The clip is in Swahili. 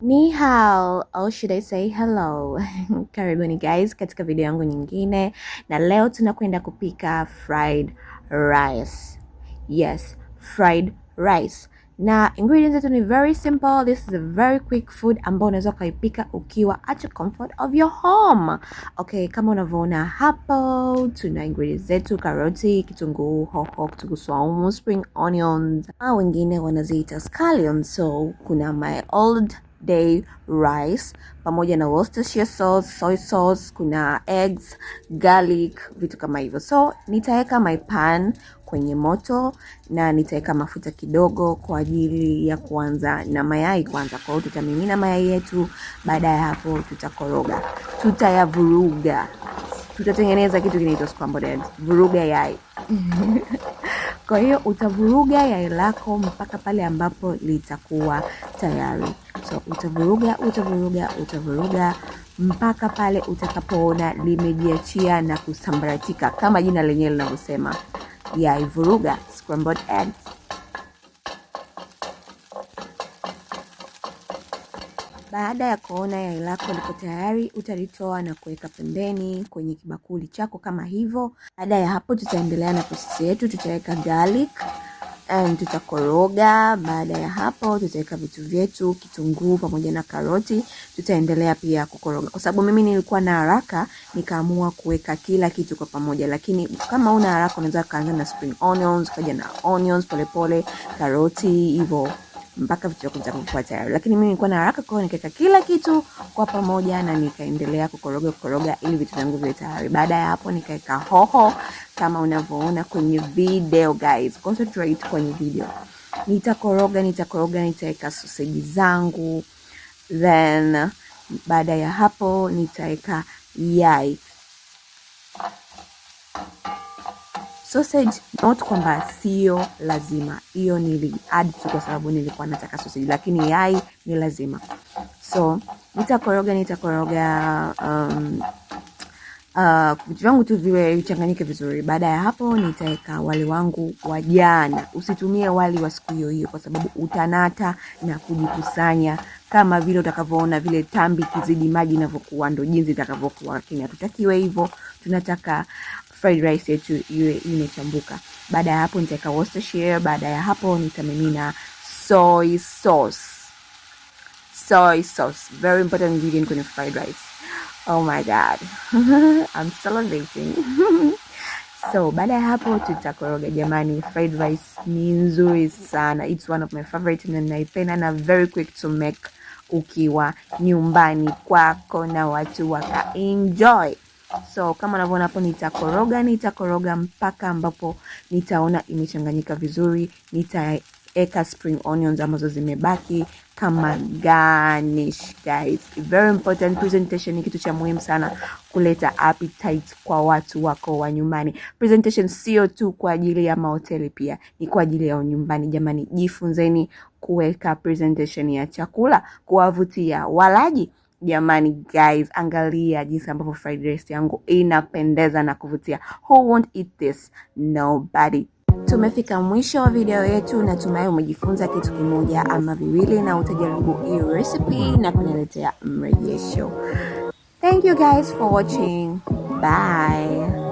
Ni hao or oh, should I say hello. Karibuni guys katika video yangu nyingine, na leo tunakwenda kupika fried rice. Yes, fried rice na ingredients zetu ni very simple. This is a very quick food ambao unaweza ukaipika ukiwa at your comfort of your home. Okay, kama unavyoona hapo tuna ingredients zetu karoti, kitunguu hoho, kitunguu saumu, spring onions, wengine wanaziita scallions. So kuna my old day rice pamoja na Worcestershire sauce, soy sauce, kuna eggs, garlic, vitu kama hivyo. So nitaweka my pan kwenye moto na nitaweka mafuta kidogo kwa ajili ya kuanza na mayai kwanza. Kwa hiyo tutamimina mayai yetu, baada ya hapo tutakoroga, tutayavuruga, tutatengeneza kitu kinaitwa scrambled eggs. Vuruga yai Kwa hiyo utavuruga yai lako mpaka pale ambapo litakuwa tayari. So utavuruga, utavuruga, utavuruga mpaka pale utakapoona limejiachia na kusambaratika kama jina lenyewe linavyosema. Yai vuruga, scrambled eggs. Baada ya kuona yai lako liko tayari, utalitoa na kuweka pembeni kwenye kibakuli chako kama hivyo. Baada ya hapo, tutaendelea na prosesi yetu, tutaweka garlic and tutakoroga. Baada ya hapo, tutaweka vitu vyetu, kitunguu pamoja na karoti. Tutaendelea pia kukoroga, kwa sababu mimi nilikuwa na haraka nikaamua kuweka kila kitu kwa pamoja, lakini kama una haraka unaweza kaanza na spring onions, kaja na onions polepole, karoti hivyo mpaka vitu vya kuja tayari, lakini mimi nilikuwa na haraka, kwa hiyo nikaweka kila kitu kwa pamoja na nikaendelea kukoroga kukoroga ili vitu vyangu viwe tayari. Baada ya hapo, nikaweka hoho kama unavyoona kwenye video guys, concentrate kwenye video. Nitakoroga, nitakoroga, nitaweka soseji zangu, then baada ya hapo nitaweka yai sausage not kwamba sio lazima, hiyo nili add tu kwa sababu nilikuwa nataka sausage, lakini yai ni lazima. So nitakoroga nitakoroga um, uh, vyangu tu viwe vichanganyike vizuri. Baada ya hapo, nitaweka wali wangu wa jana. Usitumie wali wa siku hiyo hiyo, kwa sababu utanata na kujikusanya kama vile utakavyoona vile tambi kizidi maji inavyokuwa, ndo jinsi itakavyokuwa, lakini hatutakiwe hivyo. Tunataka fried rice yetu iwe imechambuka. Baada ya hapo nitaweka Worcestershire. Baada ya hapo nitamimina soy sauce. Soy sauce, very important ingredient kwenye fried rice. Oh my god I'm salivating So baada ya hapo tutakoroga. Jamani, fried rice ni nzuri sana, it's one of my favorite na ninaipenda na very quick to make ukiwa nyumbani kwako na watu waka enjoy. So kama unavyoona hapo, nitakoroga nitakoroga mpaka ambapo nitaona imechanganyika vizuri. Nitaeka spring onions ambazo zimebaki kama garnish guys. Very important, presentation ni kitu cha muhimu sana kuleta appetite kwa watu wako wa nyumbani. Presentation sio tu kwa ajili ya mahoteli, pia ni kwa ajili ya nyumbani. Jamani, jifunzeni kuweka presentation ya chakula kuwavutia walaji. Jamani guys, angalia jinsi ambavyo fried rice yangu inapendeza na kuvutia. Who won't eat this? Nobody. Tumefika mwisho wa video yetu, natumai umejifunza kitu kimoja ama viwili, na utajaribu hii recipe na kuniletea mrejesho. Thank you guys for watching. Bye.